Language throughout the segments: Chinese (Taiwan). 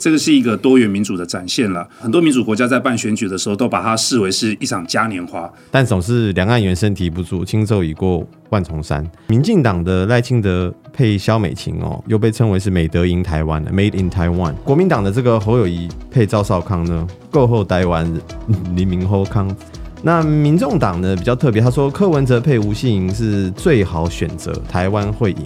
這個是一個多元民主的展現了，很多民主國家在辦選舉的時候，都把它視為是一場嘉年華。但總是兩岸猿聲啼不住，輕舟已過萬重山。民進黨的賴清德配蕭美琴哦，又被稱為是美德贏台灣，Made in Taiwan。國民黨的這個侯友宜配趙少康呢，夠厚台灣，黎民厚康。那民眾黨呢比較特別，他說柯文哲配吳欣盈是最好選擇，台灣會贏。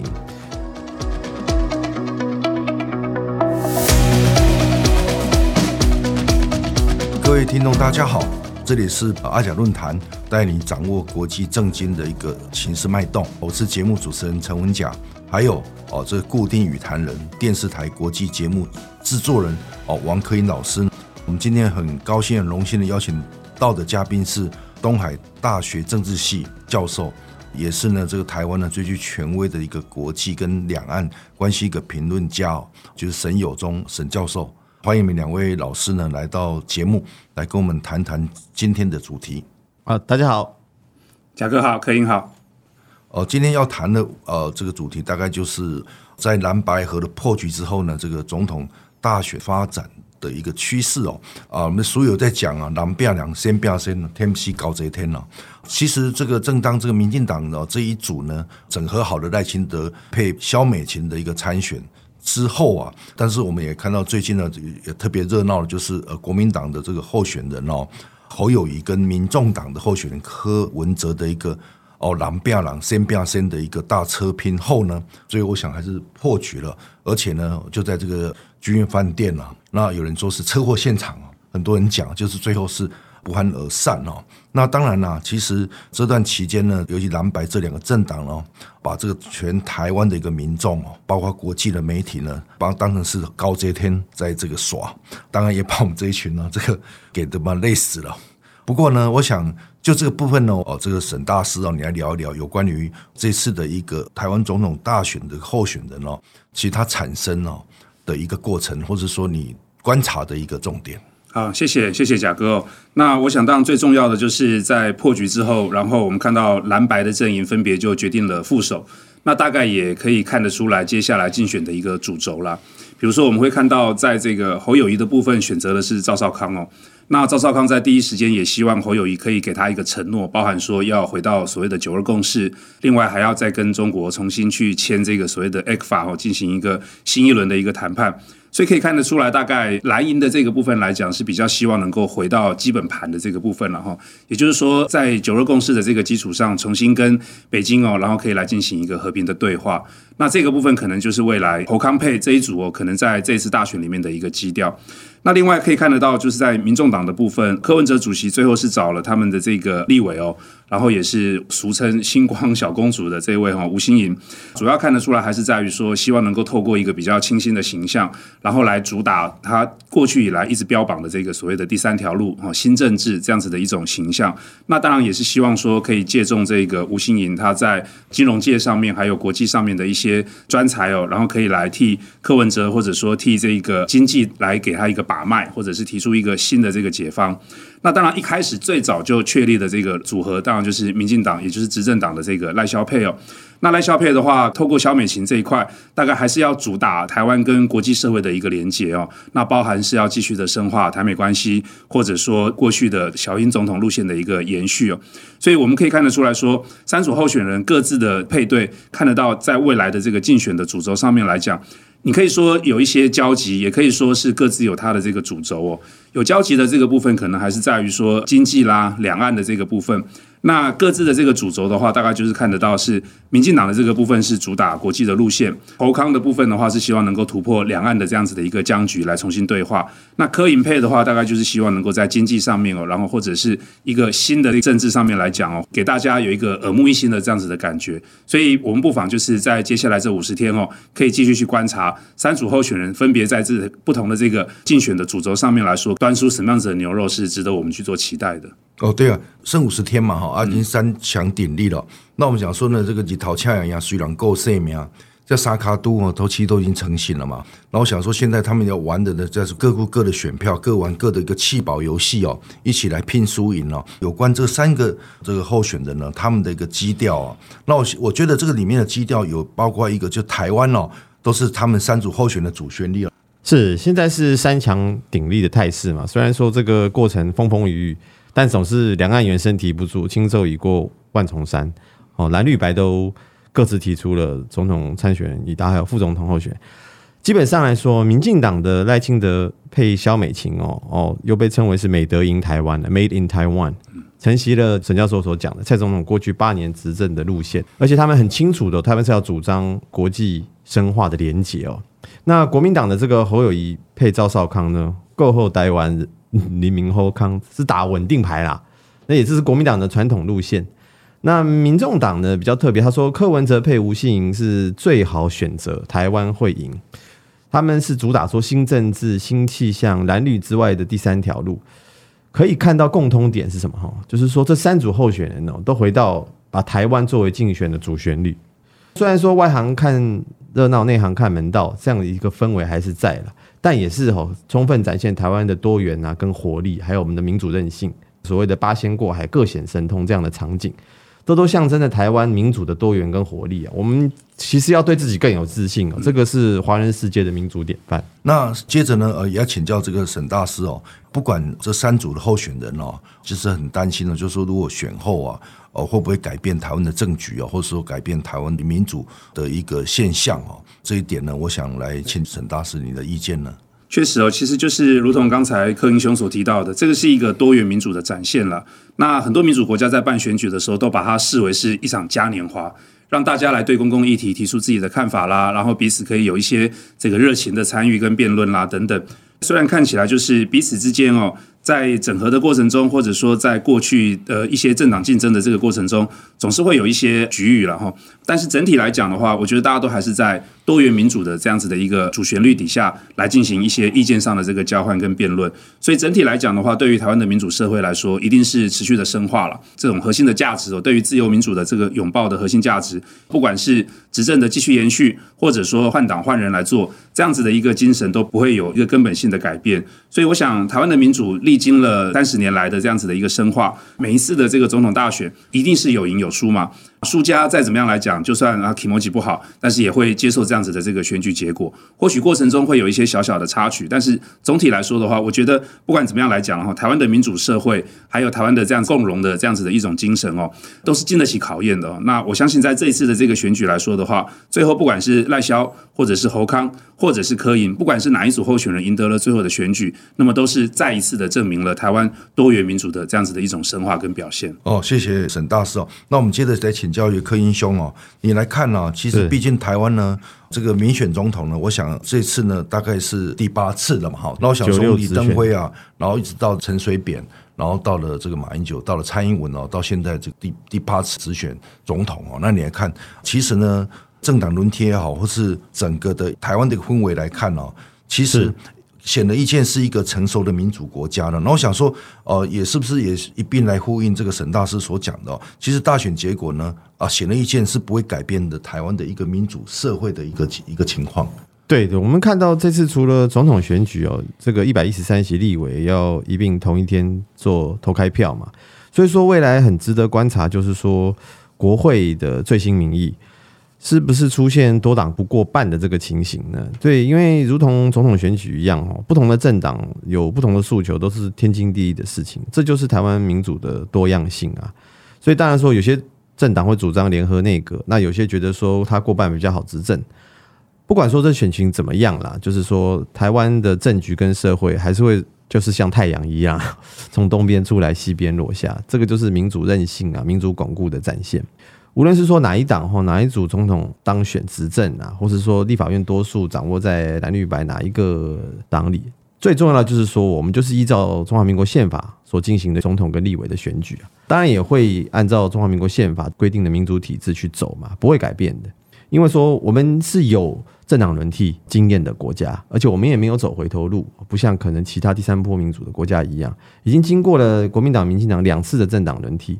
各位聽眾，大家好，這裡是阿甲論談，帶你掌握國際政經的一個情勢脈動。我是節目主持人陳文甲，還有哦，這個固定與談人，電視台國際節目製作人哦，王克殷老師。我們今天很高興、很榮幸的邀請到的嘉賓是東海大學政治系教授，也是呢這個台灣最具權威的一個國際跟兩岸關係一個評論家，就是沈有忠沈教授。歡迎你們兩位老師呢來到節目，來跟我們談談今天的主題啊！大家好，甲哥好，克殷好。哦、呃，今天要談的呃這個主題，大概就是在藍白合的破局之後呢，這個總統大選發展的一個趨勢哦。啊、呃，我們所有在講啊，南變兩，先變先，天時高則天老、哦。其實這個正當這個民進黨的、哦、這一組呢整合好的賴清德配蕭美琴的一個參選，之後啊，但是我們也看到最近呢，也特別熱鬧的，就是呃，國民黨的這個候選人哦，侯友宜跟民眾黨的候選人柯文哲的一個哦，狼變狼，先變先的一個大車拼後呢，所以我想還是破局了，而且呢，就在這個君悅飯店啊，那有人說是車禍現場啊，很多人講就是最後是。不歡而散哦。那當然啦、啊，其實這段期間呢，尤其藍白這兩個政黨哦，把這個全台灣的一個民眾哦，包括國際的媒體呢，把他當成是高遮天在這個耍。當然也把我們這一群呢、哦，這個給他媽累死了。不過呢，我想就這個部分呢、哦，哦，這個沈大師讓、哦、你來聊一聊有關於這次的一個台灣總統大選的候選人哦，其實他產生哦的一個過程，或者說你觀察的一個重點。啊，謝謝謝謝甲哥哦。那我想，當然最重要的就是在破局之後，然後我們看到藍白的陣營分別就決定了副手。那大概也可以看得出來，接下來競選的一個主軸啦。比如說，我們會看到在這個侯友宜的部分，選擇的是趙少康哦。那趙少康在第一時間也希望侯友宜可以給他一個承諾，包含說要回到所謂的九二共識，另外還要再跟中國重新去簽這個所謂的 ECFA 哦，進行一個新一輪的一個談判。所以可以看得出來，大概藍營的這個部分來講是比較希望能夠回到基本盤的這個部分了哈、哦。也就是說，在九二共識的這個基礎上，重新跟北京哦，然後可以來進行一個和平的對話。那這個部分可能就是未來侯康配這一組哦，可能在這次大選裡面的一個基調。那另外可以看得到，就是在民眾黨的部分，柯文哲主席最後是找了他們的這個立委哦。然後也是俗稱「星光小公主」的這位哈吳欣盈，主要看得出來還是在於說，希望能夠透過一個比較清新的形象，然後來主打他過去以來一直標榜的這個所謂的第三條路哈，新政治這樣子的一種形象。那當然也是希望說，可以借重這個吳欣盈她在金融界上面，還有國際上面的一些專才哦，然後可以來替柯文哲或者說替這個經濟來給他一個把脈，或者是提出一個新的這個解方。那當然，一開始最早就確立的這個組合，當然就是民進黨，也就是執政黨的這個賴蕭配哦。那賴蕭配的話，透過蕭美琴這一塊，大概還是要主打台灣跟國際社會的一個連結哦。那包含是要繼續的深化台美關係，或者說過去的小英總統路線的一個延續哦。所以我們可以看得出來說，三組候選人各自的配對，看得到在未來的這個競選的主軸上面來講。你可以說有一些交集，也可以說是各自有它的這個主軸哦。有交集的這個部分，可能還是在於說經濟啦、兩岸的這個部分。那各自的這個主軸的話，大概就是看得到是民進黨的這個部分是主打國際的路線，侯康的部分的話是希望能夠突破兩岸的這樣子的一個僵局來重新對話。那柯盈配的話，大概就是希望能夠在經濟上面哦，然後或者是一個新的政治上面來講哦，給大家有一個耳目一新的這樣子的感覺。所以我們不妨就是在接下來這五十天哦，可以繼續去觀察三組候選人分別在這不同的這個競選的主軸上面來說，端出什麼樣子的牛肉是值得我們去做期待的。哦，對啊，剩五十天嘛，哈、啊，已經三強鼎立了、嗯。那我們想說呢，這個幾陶恰呀雖然夠鮮明，這沙卡杜啊，都其實都已經成型了嘛。然後想說，現在他們要玩的呢，就是各顧各的選票，各玩各的一個棄保遊戲哦，一起來拼輸贏哦。有關這三個這個候選人呢，他們的一個基調啊、哦，那我我覺得這個裡面的基調有包括一個，就台灣哦，都是他們三組候選的主旋律了。是，現在是三強鼎立的態勢嘛，雖然說這個過程風風雨雨。但總是兩岸猿聲啼不住，輕舟已過萬重山。哦，藍綠白都各自提出了總統參選，以及還有副總統候選。基本上來說，民進黨的賴清德配蕭美琴哦，哦哦，又被稱為是美德贏台灣的 Made in Taiwan，承襲了陳教授所講的蔡總統過去八年執政的路線，而且他們很清楚的，他們是要主張國際深化的連結哦。那國民黨的這個侯友宜配趙少康呢，夠後台灣。黎明後，侯康是打穩定牌啦，那也就是國民黨的傳統路線。那民眾黨呢比較特別，他說柯文哲配吳欣盈是最好選擇，台灣會贏。他們是主打說新政治、新氣象、藍綠之外的第三條路。可以看到共通點是什麼？哈，就是說這三組候選人哦，都回到把台灣作為競選的主旋律。雖然說外行看熱鬧，內行看門道，這樣的一個氛圍還是在了。但也是哦，充分展現台灣的多元啊，跟活力，還有我們的民主韌性。所謂的八仙過海，還各顯神通這樣的場景。都都象徵着台灣民主的多元跟活力啊！我們其實要對自己更有自信啊、哦！這個是華人世界的民主典範、嗯。那接着呢，呃，也要請教這個沈大師哦。不管這三組的候選人哦，其、就是很擔心呢、哦，就是說如果選後啊，呃、哦，會不會改變台灣的政局啊、哦，或者說改變台灣的民主的一個現象哦。這一點呢，我想來請沈大師你的意見呢。確實哦，其實就是如同剛才克殷兄所提到的，這個是一個多元民主的展現了。那很多民主國家在辦選舉的時候，都把它視為是一場嘉年華，讓大家來對公共議題提出自己的看法啦，然後彼此可以有一些這個熱情的參與跟辯論啦等等。雖然看起來就是彼此之間哦。在整合的過程中，或者說在過去呃一些政黨競爭的這個過程中，總是會有一些齟齬了哈。但是整體來講的話，我覺得大家都還是在多元民主的這樣子的一個主旋律底下來進行一些意見上的這個交換跟辯論。所以整體來講的話，對於台灣的民主社會來說，一定是持續的深化了這種核心的價值。對於自由民主的這個擁抱的核心價值，不管是執政的繼續延續，或者說換黨換人來做這樣子的一個精神，都不會有一個根本性的改變。所以，我想台灣的民主立。歷經了三十年來的這樣子的一個深化，每一次的這個總統大選一定是有贏有輸嘛。輸家再怎麼樣來講，就算啊 Kimochi 不好，但是也會接受這樣子的這個選舉結果。或許過程中會有一些小小的插曲，但是總體來說的話，我覺得不管怎麼樣來講的話，台灣的民主社會，還有台灣的這樣共榮的這樣子的一種精神哦，都是經得起考驗的，哦。那我相信在這一次的這個選舉來說的話，最後不管是賴蕭或者是侯康，或者是柯盈，不管是哪一組候選人贏得了最後的選舉，那麼都是再一次的證明了台灣多元民主的這樣子的一種深化跟表現。哦，謝謝沈大師哦。那我們接着再請。教育克殷兄哦，你來看呢，其實畢竟台灣呢，這個民選總統呢，我想這次呢大概是第八次了嘛，哈，然後小松李登輝啊，然後一直到陳水扁，然後到了這個馬英九，到了蔡英文哦，到現在這第第八次直選總統哦，那你來看，其實呢，政黨輪替也好，或是整個的台灣的個氛圍來看哦，其實。顯而易見是一個成熟的民主國家了，然後我想說，呃，也是不是也是一併來呼應這個沈大師所講的？其實大選結果呢，啊、呃，顯而易見是不會改變的台灣的一個民主社會的一個一個情況。對的，我們看到這次除了總統選舉哦，這個一百一十三席立委要一併同一天做投開票嘛，所以說未來很值得觀察，就是說國會的最新民意。是不是出現多黨不過半的這個情形呢？對，因為如同總統選舉一樣，哦，不同的政黨有不同的訴求，都是天經地義的事情。這就是台灣民主的多樣性啊！所以當然說，有些政黨會主張聯合內閣，那有些覺得說他過半比較好執政。不管說這選情怎麼樣啦，就是說台灣的政局跟社會還是會就是像太陽一樣從東邊出來西邊落下，這個就是民主韌性啊，民主鞏固的展現。無論是說哪一黨或哪一組總統當選執政啊，或者說立法院多數掌握在藍綠白哪一個黨裡，最重要的就是說，我們就是依照中華民國憲法所進行的總統跟立委的選舉啊，當然也會按照中華民國憲法規定的民主體制去走嘛，不會改變的。因為說我們是有政黨輪替經驗的國家，而且我們也沒有走回頭路，不像可能其他第三波民主的國家一樣，已經經過了國民黨、民進黨兩次的政黨輪替。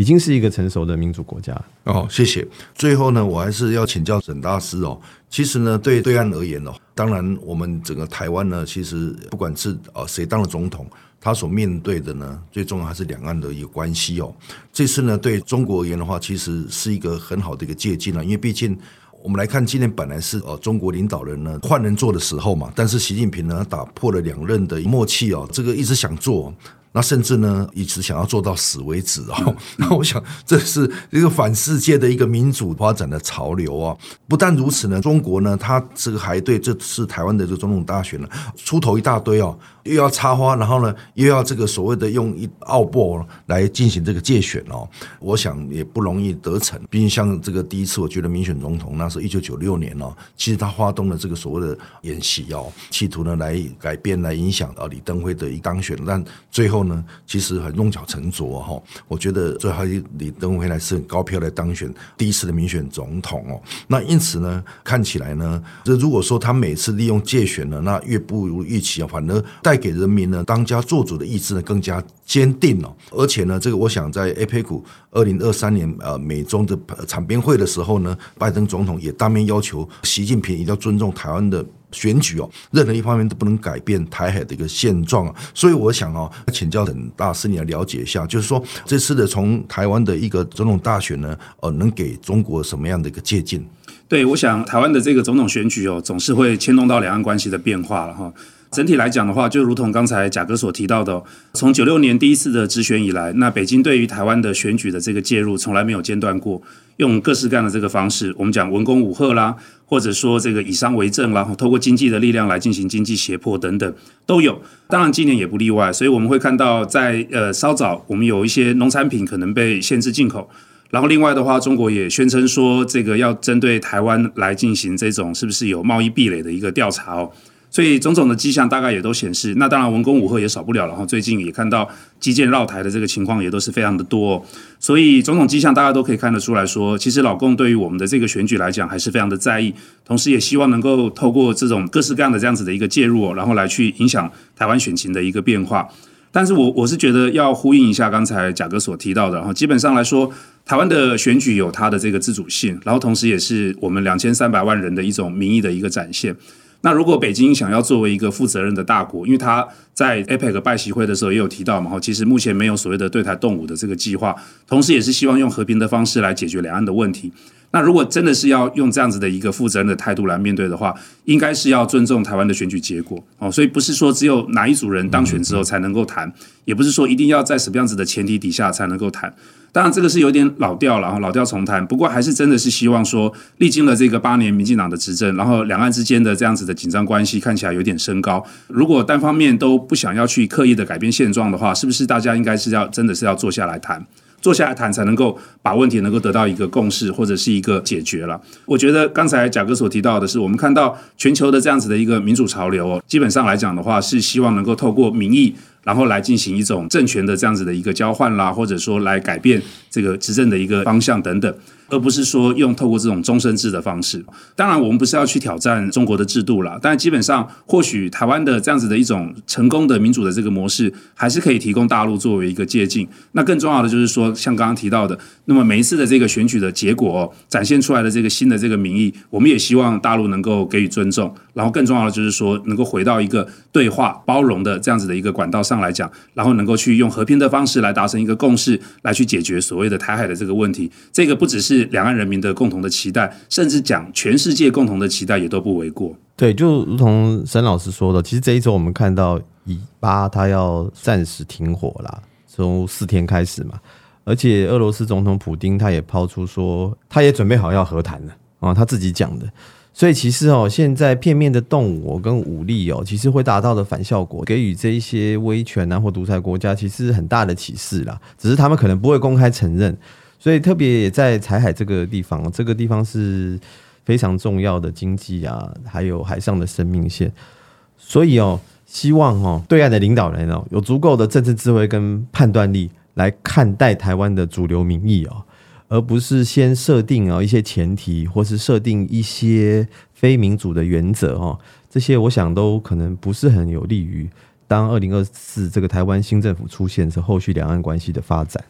已經是一個成熟的民主國家哦，謝謝。最後呢，我還是要請教沈大師哦。其實呢，對對岸而言哦，當然我們整個台灣呢，其實不管是呃誰當了總統，他所面對的呢，最重要還是兩岸的一個關係哦。這次呢，對中國而言的話，其實是一個很好的一個借鑑了，啊，因為畢竟我們來看，今天本來是呃中國領導人呢換人做的時候嘛，但是習近平呢打破了兩任的默契哦，這個一直想做。那甚至呢，一直想要做到死為止哦。那我想，這是一個反世界的一個民主發展的潮流啊、哦。不但如此呢，中國呢，他這個還對這次台灣的這個總統大選呢出頭一大堆哦，又要插花，然後呢又要這個所謂的用一奧步來進行這個介選哦。我想也不容易得逞。畢竟像這個第一次，我覺得民選總統，那是一九九六年哦，其實他發動了這個所謂的演習哦，企圖呢來改變、來影響到李登輝的一當選，但最後。後呢，其實很弄巧成拙哈。我覺得最後李登輝是很高票來當選第一次的民選總統哦。那因此呢，看起來呢，這如果說他每次利用借選呢，那越不如預期啊，反而帶給人民呢當家做主的意志呢更加堅定了。而且呢，這個我想在 APEC 二零二三年呃美中這場邊會的時候呢，拜登總統也當面要求習近平一定要尊重台灣的。選舉哦，任何一方面都不能改變台海的一個現狀。所以我想哦，請教沈大師你來了解一下，就是說這次的從台灣的一個總統大選呢，呃，能給中國什麼樣的一個借鑒？對，我想台灣的這個總統選舉哦，總是會牽動到兩岸關係的變化了哈。整體來講的話，就如同剛才甲哥所提到的，哦，從九六年第一次的直選以來，那北京對於台灣的選舉的這個介入從來沒有間斷過，用各式各樣的這個方式，我們講文攻武嚇啦，或者說這個以商為政，然後透過經濟的力量來進行經濟脅迫等等都有。當然今年也不例外，所以我們會看到在呃稍早，我們有一些農產品可能被限制進口，然後另外的話，中國也宣稱說這個要針對台灣來進行這種是不是有貿易壁壘的一個調查，哦。所以種種的跡象大概也都顯示，那當然文攻武嚇也少不了。然後最近也看到機艦繞台的這個情況也都是非常的多，哦，所以種種跡象大家都可以看得出來說，其實老共對於我們的這個選舉來講還是非常的在意，同時也希望能夠透過這種各式各樣的這樣子的一個介入，哦，然後來去影響台灣選情的一個變化。但是我我是覺得要呼應一下剛才甲哥所提到的，然後基本上來說，台灣的選舉有它的這個自主性，然後同時也是我們兩千三百萬人的一種民意的一個展現。那如果北京想要作為一個負責任的大國，因為他在 APEC 拜習會的時候也有提到嘛，其實目前沒有所謂的對台動武的這個計劃，同時也是希望用和平的方式來解決兩岸的問題。那如果真的是要用這樣子的一個負責任的態度來面對的話，應該是要尊重台灣的選舉結果哦，所以不是說只有哪一組人當選之後才能夠談，也不是說一定要在什麼樣子的前提底下才能夠談。當然，這個是有點老調了，然後老調重彈。不過，還是真的是希望說，歷經了這個八年民進黨的執政，然後兩岸之間的這樣子的緊張關係看起來有點升高。如果單方面都不想要去刻意的改變現狀的話，是不是大家應該是要真的是要坐下來談，坐下來談才能夠把問題能夠得到一個共識或者是一個解決了？我覺得剛才甲哥所提到的是，我們看到全球的這樣子的一個民主潮流，基本上來講的話，是希望能夠透過民意。然後來進行一種政權的這樣子的一個交換啦，或者說來改變這個執政的一個方向等等，而不是說用透過這種終身制的方式。當然，我們不是要去挑戰中國的制度啦，但基本上，或許台灣的這樣子的一種成功的民主的這個模式，還是可以提供大陸作為一個借鑑。那更重要的就是說，像剛剛提到的，那麼每一次的這個選舉的結果哦，展現出來的這個新的這個民意，我們也希望大陸能夠給予尊重。然後，更重要的就是說，能夠回到一個對話包容的這樣子的一個管道。上來講，然後能夠去用和平的方式來達成一個共識，來去解決所謂的台海的這個問題。這個不只是兩岸人民的共同的期待，甚至講全世界共同的期待也都不為過。對，就如同沈老師說的，其實這一週我們看到以巴他要暫時停火了，從四天開始嘛，而且俄羅斯總統普丁他也拋出說，他也準備好要和談了啊、嗯，他自己講的。所以其實哦，現在片面的動武跟武力哦，其實會達到的反效果，給予這一些威權啊或獨裁國家其實很大的啟示啦。只是他們可能不會公開承認。所以特別也在台海這個地方，這個地方是非常重要的經濟啊，還有海上的生命線。所以哦，希望哦，對岸的領導人哦，有足夠的政治智慧跟判斷力來看待台灣的主流民意哦。而不是先設定啊一些前提，或是設定一些非民主的原則哦，這些我想都可能不是很有利於當二零二四這個台灣新政府出現，是後續兩岸關係的發展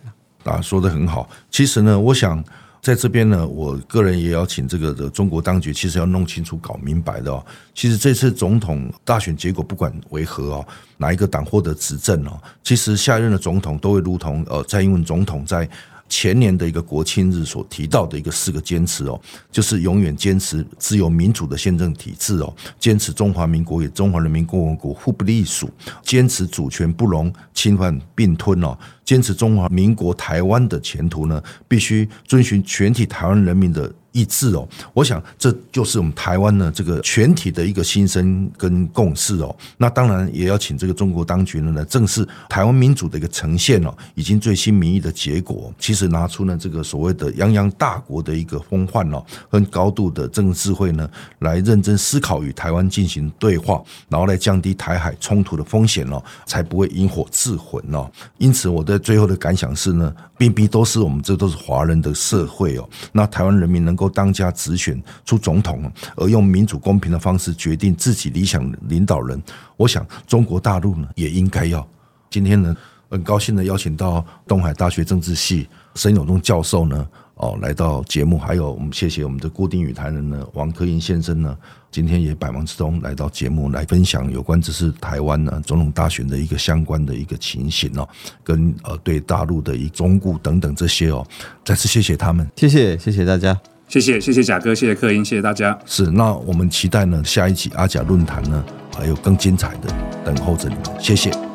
啊。說得很好。其實呢，我想在這邊呢，我個人也要請這個的中國當局，其實要弄清楚、搞明白的哦。其實這次總統大選結果不管為何哦，哪一個黨獲得執政哦，其實下一任的總統都會如同呃蔡英文總統在。前年的一個國慶日所提到的一個四個堅持哦，就是永遠堅持自由民主的憲政體制哦，堅持中華民國與中華人民共和國互不隸屬，堅持主權不容侵犯併吞哦。堅持中華民國台灣的前途呢，必須遵循全體台灣人民的意志哦。我想這就是我們台灣呢這個全體的一個心聲跟共識哦。那當然也要請這個中國當局呢，來正視台灣民主的一個呈現哦，以及最新民意的結果，其實拿出呢這個所謂的泱泱大國的一個風範哦，跟高度的政治智慧呢，來認真思考與台灣進行對話，然後來降低台海衝突的風險哦，才不會引火自焚哦。因此，我的。最後的感想是呢，並不都是我們，這都是華人的社會哦。那台灣人民能夠當家直選出總統，而用民主公平的方式決定自己理想領導人，我想中國大陸呢也應該要。今天呢，很高興的邀請到東海大學政治系沈有忠教授呢。哦，來到節目，還有我們謝謝我們的固定與談人呢，王克殷先生呢，今天也百忙之中來到節目來分享有關這次台灣呢總統大選的一個相關的一個情形哦，跟呃對大陸的一個中顧等等這些哦，再次謝謝他們，謝謝謝謝大家，謝謝謝謝甲哥，謝謝克殷，謝謝大家。是,那我們期待呢下一集阿甲論談呢，還有更精彩的等候着你們，謝謝。